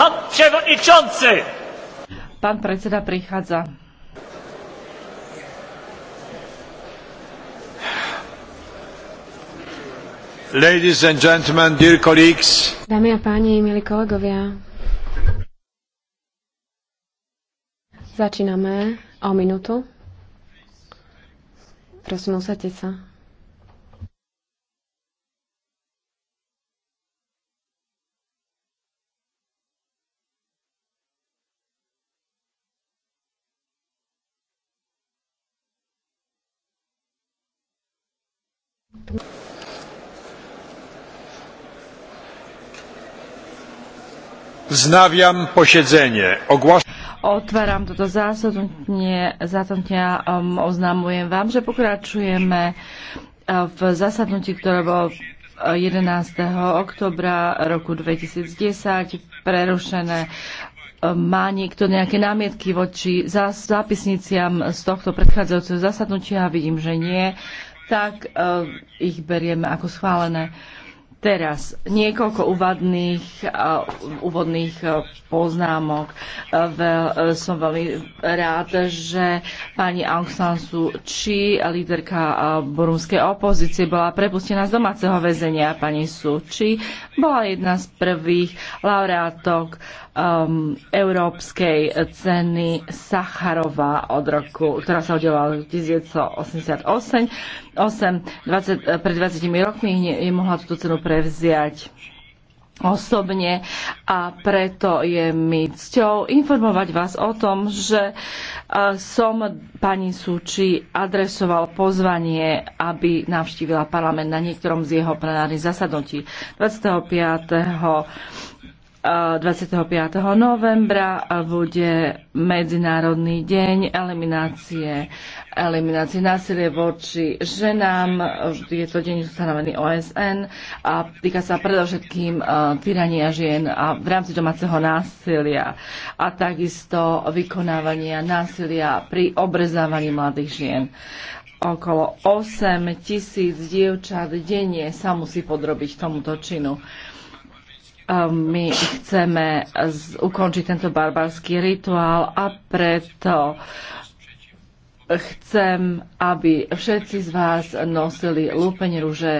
Pán przewodniczący! Pan predseda prichádza. Ladies and gentlemen, dear colleagues. Dámy a páni, milí kolegovia. Začíname o minútu. Prosím, usadte sa. posiedzenie. Ogłaszam. Otváram toto zásadnutie, zásadnutia um, oznamujem vám, že pokračujeme v zasadnutí, ktoré bolo 11. E, oktobra roku 2010 prerušené. Má niekto nejaké námietky voči zápisniciam z tohto predchádzajúceho zasadnutia? Vidím, že nie tak eh, ich berieme ako schválené. Teraz niekoľko eh, úvodných, úvodných eh, poznámok. Som veľmi rád, že pani Aung San Suu Kyi, líderka burúnskej opozície, bola prepustená z domáceho väzenia. Pani Suu Kyi bola jedna z prvých laureátok um, európskej ceny Sacharova od roku, ktorá sa udelovala v 1988. 20, pred 20 rokmi mohla túto cenu prevziať osobne a preto je mi cťou informovať vás o tom, že eh, som pani Suči adresoval pozvanie, aby navštívila parlament na niektorom z jeho plenárnych zasadnutí. 25. 25. novembra bude Medzinárodný deň eliminácie, eliminácie násilie voči ženám. Je to deň ustanovený OSN a týka sa predovšetkým e, tyrania žien a v rámci domáceho násilia a takisto vykonávania násilia pri obrezávaní mladých žien. Okolo 8 tisíc dievčat denne sa musí podrobiť tomuto činu. Ehm, my chceme ukončiť tento barbarský rituál a preto chcem, aby všetci z vás nosili lúpeň rúže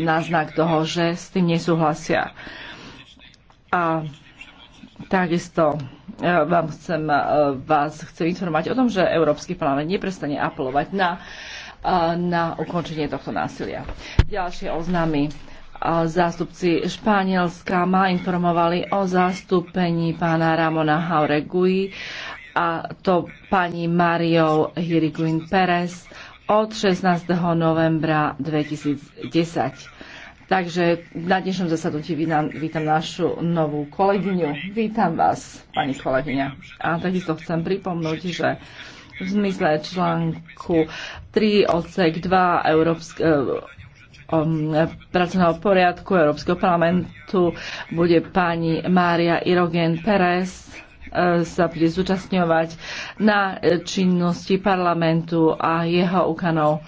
na znak toho, že s tým nesúhlasia. A takisto e, vám chcem, e, vás chcem informovať o tom, že Európsky parlament neprestane apelovať na, e, na ukončenie tohto násilia. Ďalšie oznámy zástupci Španielska ma informovali o zastúpení pána Ramona Hauregui a to pani Mariou Hiriguin Pérez od 16. novembra 2010. Takže na dnešnom zasadnutí vítam, vítam našu novú kolegyňu. Vítam vás, pani kolegyňa. A takisto chcem pripomnúť, že v zmysle článku 3 odsek 2 Európske, Um, pracovného poriadku Európskeho parlamentu bude pani Mária Irogen Pérez eh, sa bude zúčastňovať na eh, činnosti parlamentu a jeho úkonov,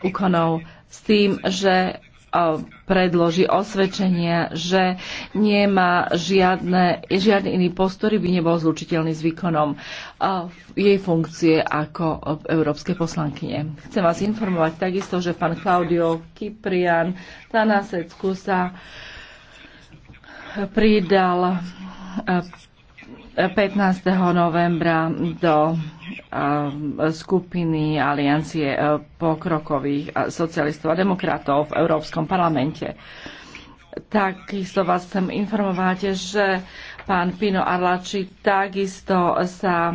úkonov s tým, že E, predloží osvedčenia, že nemá žiadne, žiadny iný postory, by nebol zlučiteľný s výkonom e, jej funkcie ako európske poslankyne. Chcem vás informovať takisto, že pán Claudio Kyprian Tanasecku sa pridal e, 15. novembra do skupiny Aliancie e, pokrokových socialistov a demokratov v Európskom parlamente. Takisto vás chcem informovať, že pán Pino Arlači takisto sa e,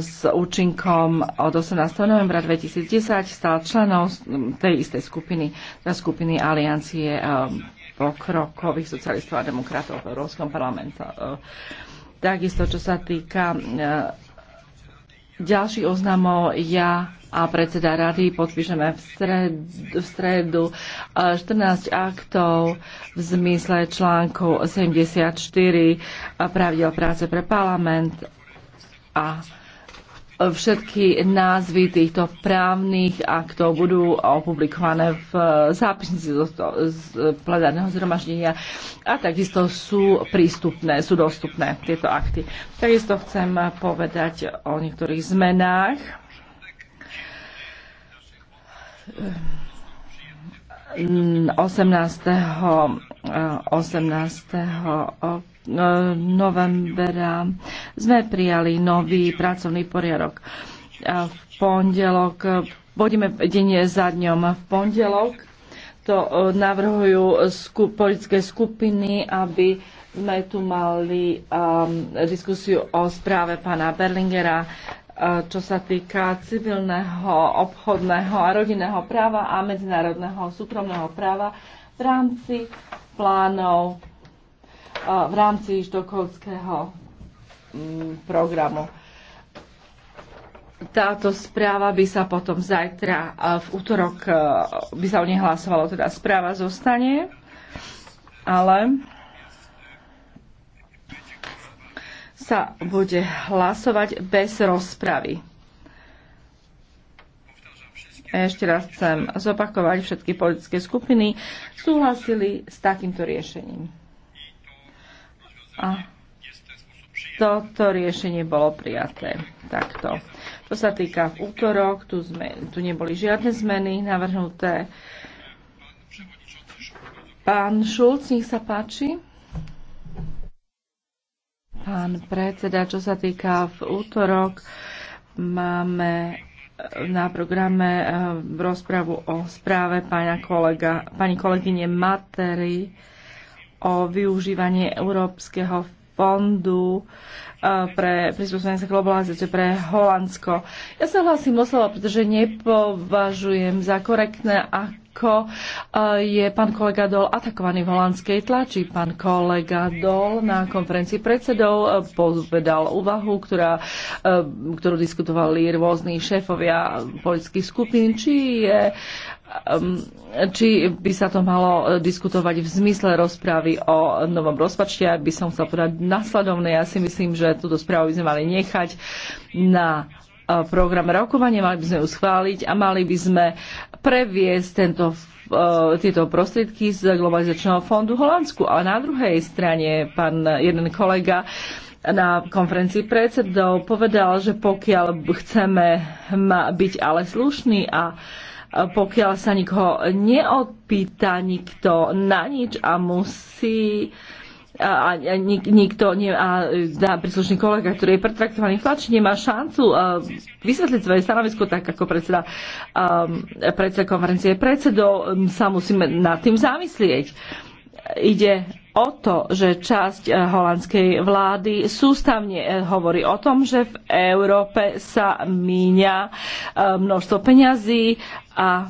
s účinkom od 18. novembra 2010 stal členom tej istej skupiny, teda skupiny Aliancie e, pokrokových socialistov a demokratov v Európskom parlamente. Takisto, čo sa týka e, ďalších oznamov, ja a predseda rady podpíšeme v, stred, v stredu 14 e, aktov v zmysle článku 74 e, pravidel práce pre parlament a Všetky názvy týchto právnych aktov budú opublikované v zápisnici z plenárneho zhromaždenia a takisto sú prístupné, sú dostupné tieto akty. Takisto chcem povedať o niektorých zmenách hm, 18. 18. novembra sme prijali nový pracovný poriadok. V pondelok, budeme deň za dňom v pondelok, to e, navrhujú skup, politické skupiny, aby sme tu mali um, diskusiu o správe pána Berlingera, e, čo sa týka civilného, obchodného a rodinného práva a medzinárodného súkromného práva v rámci plánov uh, v rámci štokovského mm, programu. Táto správa by sa potom zajtra, uh, v útorok uh, by sa o nej hlasovalo, teda správa zostane, ale sa bude hlasovať bez rozpravy ešte raz chcem zopakovať, všetky politické skupiny súhlasili s takýmto riešením. A toto riešenie bolo prijaté takto. To sa týka v útorok, tu, sme, tu neboli žiadne zmeny navrhnuté. Pán Šulc, nech sa páči. Pán predseda, čo sa týka v útorok, máme na programe eh, rozpravu o správe pána kolega, pani kolegyne Matery o využívanie Európskeho fondu eh, pre prispôsobenie sa globalizácie pre Holandsko. Ja sa hlasím o slovo, pretože nepovažujem za korektné, ak ako e, je pán kolega Dol atakovaný v holandskej tlači. Pán kolega Dol na konferencii predsedov e, povedal úvahu, ktorá, e, ktorú diskutovali rôzni šéfovia politických skupín, či je či by sa to malo diskutovať v zmysle rozprávy o novom rozpačte, ak by som chcel povedať nasledovné. Ja si myslím, že túto správu by sme mali nechať na program rokovania, mali by sme ju schváliť a mali by sme previesť tento, tieto prostriedky z globalizačného fondu Holandsku. A na druhej strane pán jeden kolega na konferencii predsedov povedal, že pokiaľ chceme byť ale slušní a pokiaľ sa nikoho neodpýta nikto na nič a musí uh, a, a nik, nikto nie, a, a príslušný kolega, ktorý je pretraktovaný v tlači, nemá šancu a, vysvetliť svoje stanovisko tak ako predseda, a, predseda konferencie predsedov sa musíme nad tým zamyslieť. Ide o to, že časť e, holandskej vlády sústavne e, hovorí o tom, že v Európe sa míňa e, množstvo peňazí a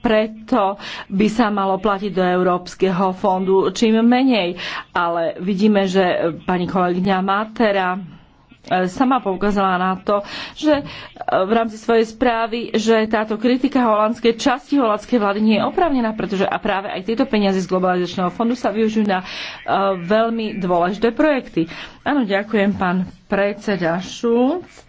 preto by sa malo platiť do Európskeho fondu čím menej. Ale vidíme, že pani kolegyňa Matera e, sama poukázala na to, že e, v rámci svojej správy, že táto kritika holandskej časti holandskej vlády nie je oprávnená, pretože a práve aj tieto peniaze z globalizačného fondu sa využijú na e, veľmi dôležité projekty. Áno, ďakujem pán predseda Šulc. E,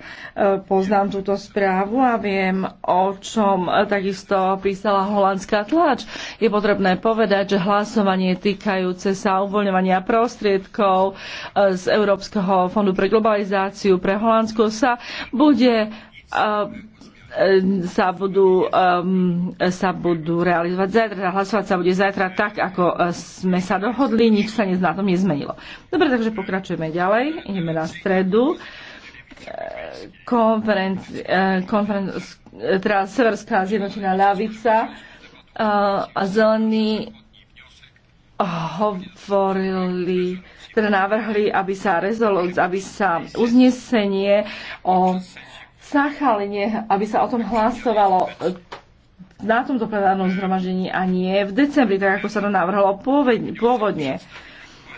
poznám túto správu a viem, o čom takisto písala holandská tlač. Je potrebné povedať, že hlasovanie týkajúce sa uvoľňovania prostriedkov e, z Európskeho fondu pre globalizáciu pre Holandsko sa bude e, E, sa budú, um, sa budú realizovať zajtra. Teda hlasovať sa bude zajtra tak, ako e, sme sa dohodli, nič sa na tom nezmenilo. Dobre, takže pokračujeme ďalej. Ideme na stredu. E, Konferenc, teda Severská zjednotená ľavica a zelení hovorili, teda navrhli, aby sa, rezolúcia, aby sa uznesenie o Sachalne, aby sa o tom hlasovalo e, na tomto plenárnom zhromaždení a nie v decembri, tak ako sa to navrhlo pôvodne.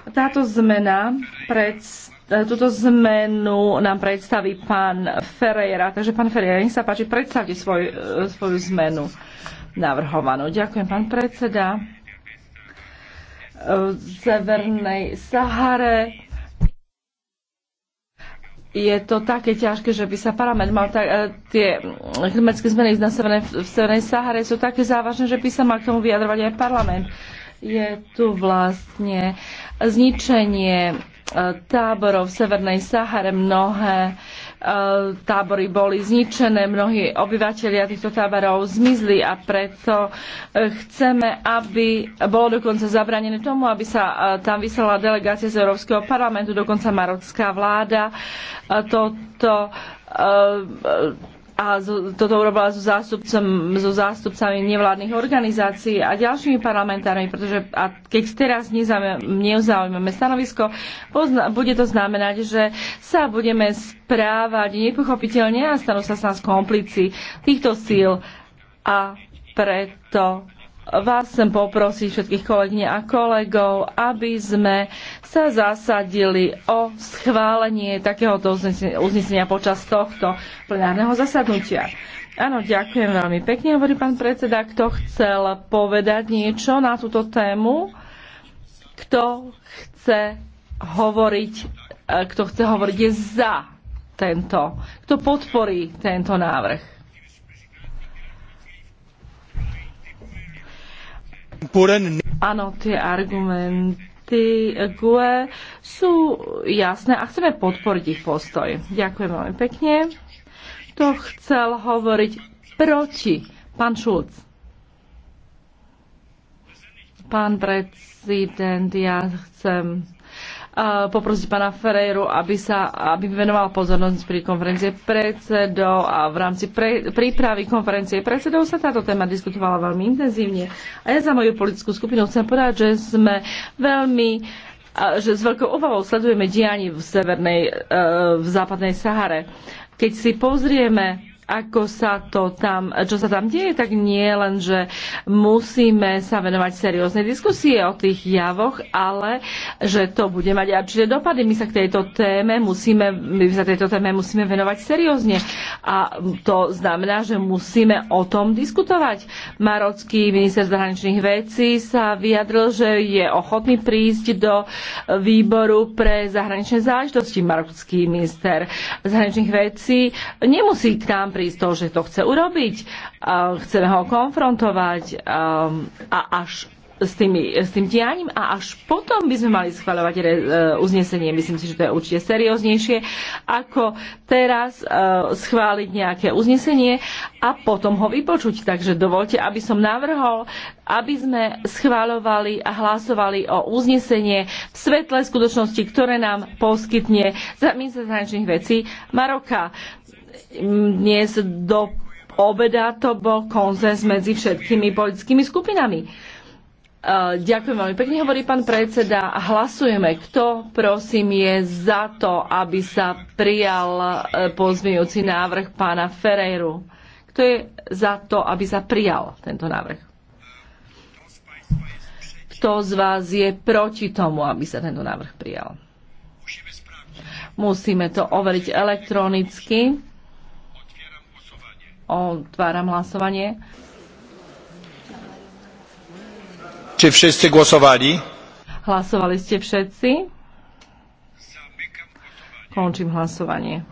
Táto zmena pred, e, túto zmenu nám predstaví pán Ferreira. Takže pán Ferreira, nech sa páči, predstavte svoj, e, svoju zmenu navrhovanú. Ďakujem, pán predseda. V Severnej Sahare je to také ťažké, že by sa parlament mal tak, eh, tie klimatické zmeny na severnej, v Severnej Sahare sú také závažné, že by sa mal k tomu vyjadrovať aj parlament. Je tu vlastne zničenie eh, táborov v Severnej Sahare, mnohé eh, tábory boli zničené, mnohí obyvateľia týchto táborov zmizli a preto chceme, aby bolo dokonca zabranené tomu, aby sa tam vyslala delegácia z Európskeho parlamentu, dokonca marocká vláda a toto eh, a toto urobila so, zástupcom, so zástupcami nevládnych organizácií a ďalšími parlamentármi, pretože a keď teraz nezaujmeme stanovisko, pozna, bude to znamenať, že sa budeme správať nepochopiteľne a stanú sa s nás komplici týchto síl a preto vás chcem poprosiť všetkých kolegyne a kolegov, aby sme sa zasadili o schválenie takéhoto uznesenia počas tohto plenárneho zasadnutia. Áno, ďakujem veľmi pekne, hovorí pán predseda. Kto chcel povedať niečo na túto tému? Kto chce hovoriť, e, kto chce hovoriť je za tento, kto podporí tento návrh. Áno, tie argumenty GUE sú jasné a chceme podporiť ich postoj. Ďakujem veľmi pekne. To chcel hovoriť proti. Pán Šulc. Pán prezident, ja chcem poprosiť pana Ferreiru, aby sa aby venoval pozornosť pri konferencie predsedov a v rámci pre, prípravy konferencie predsedov sa táto téma diskutovala veľmi intenzívne. A ja za moju politickú skupinu chcem povedať, že sme veľmi že s veľkou obavou sledujeme dianie v severnej, e, v západnej Sahare. Keď si pozrieme ako sa to tam, čo sa tam deje, tak nie len, že musíme sa venovať serióznej diskusie o tých javoch, ale že to bude mať aj určité dopady. My sa k tejto téme musíme, my sa tejto téme musíme venovať seriózne. A to znamená, že musíme o tom diskutovať. Marocký minister zahraničných vecí sa vyjadril, že je ochotný prísť do výboru pre zahraničné záležitosti. Marocký minister zahraničných vecí nemusí k nám prísť toho, že to chce urobiť, chceme ho konfrontovať um, a až s, tými, s tým dianím a až potom by sme mali schvaľovať re, e, uznesenie. Myslím si, že to je určite serióznejšie, ako teraz e, schváliť nejaké uznesenie a potom ho vypočuť. Takže dovolte, aby som navrhol, aby sme schváľovali a hlasovali o uznesenie v svetle skutočnosti, ktoré nám poskytne za minister zahraničných vecí Maroka dnes do obeda to bol konzens medzi všetkými politickými skupinami. E, ďakujem veľmi pekne, hovorí pán predseda. Hlasujeme, kto prosím je za to, aby sa prijal e, pozmejúci návrh pána Ferreiru. Kto je za to, aby sa prijal tento návrh? Kto z vás je proti tomu, aby sa tento návrh prijal? Musíme to overiť elektronicky. Otváram hlasovanie. Či všetci hlasovali? Hlasovali ste všetci? Končím hlasovanie.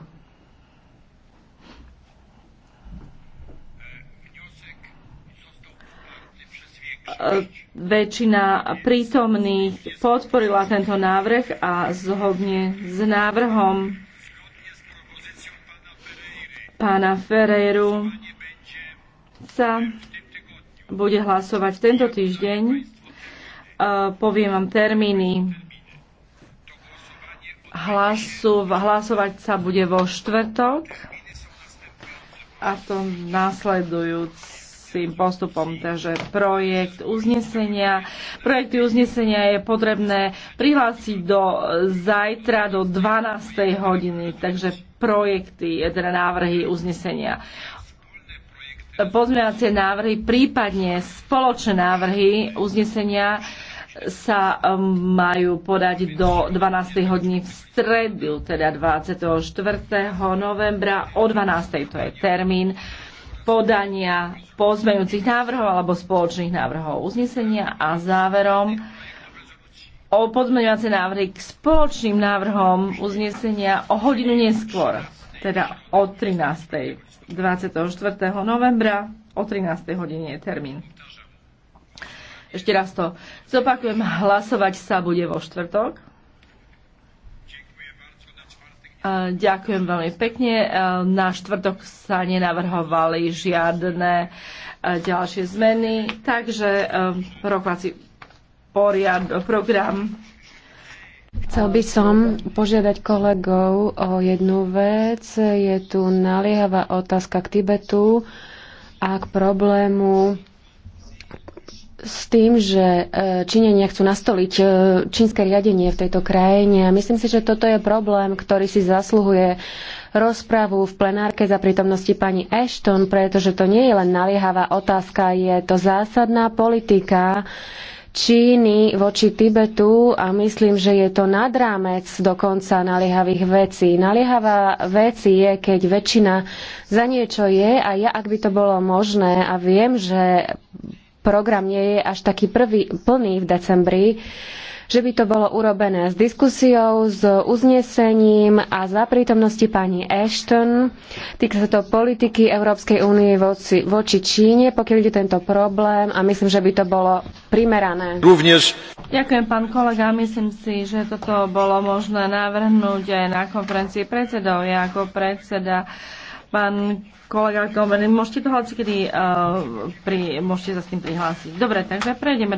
Väčšina prítomných podporila tento návrh a zhodne s návrhom pána Ferreiru sa bude hlasovať tento týždeň. E, poviem vám termíny. Hlasu, hlasovať sa bude vo štvrtok a to následujúc tým postupom. Takže projekt uznesenia, projekty uznesenia je potrebné prihlásiť do zajtra do 12. hodiny. Takže projekty, teda návrhy uznesenia pozmeňovacie návrhy, prípadne spoločné návrhy uznesenia sa um, majú podať do 12. hodiny v stredu, teda 24. novembra o 12. to je termín podania pozmeňujúcich návrhov alebo spoločných návrhov uznesenia a záverom o pozmeňovacie návrhy k spoločným návrhom uznesenia o hodinu neskôr, teda o 13. 24. novembra o 13. hodine je termín. Ešte raz to zopakujem, hlasovať sa bude vo štvrtok Eh, ďakujem veľmi pekne. Eh, na štvrtok sa nenavrhovali žiadne eh, ďalšie zmeny, takže rokovací poriad, program. Chcel by som požiadať kolegov o jednu vec. Je tu naliehavá otázka k Tibetu a k problému s tým, že e, Číňania chcú nastoliť e, čínske riadenie v tejto krajine. A myslím si, že toto je problém, ktorý si zasluhuje rozpravu v plenárke za prítomnosti pani Ashton, pretože to nie je len naliehavá otázka, je to zásadná politika Číny voči Tibetu a myslím, že je to nad rámec dokonca naliehavých vecí. Naliehavá vec je, keď väčšina za niečo je a ja, ak by to bolo možné a viem, že program nie je až taký prvý, plný v decembri, že by to bolo urobené s diskusiou, s uznesením a za prítomnosti pani Ashton. Týka sa to politiky Európskej únie voči, voči Číne, pokiaľ ide tento problém a myslím, že by to bolo primerané. Rúvnež. Ďakujem, pán kolega. Myslím si, že toto bolo možné navrhnúť aj na konferencii predsedov. Ja ako predseda Pán kolega Gomery, môžete to hoci kedy uh, pri, môžete sa s tým prihlásiť. Dobre, takže prejdeme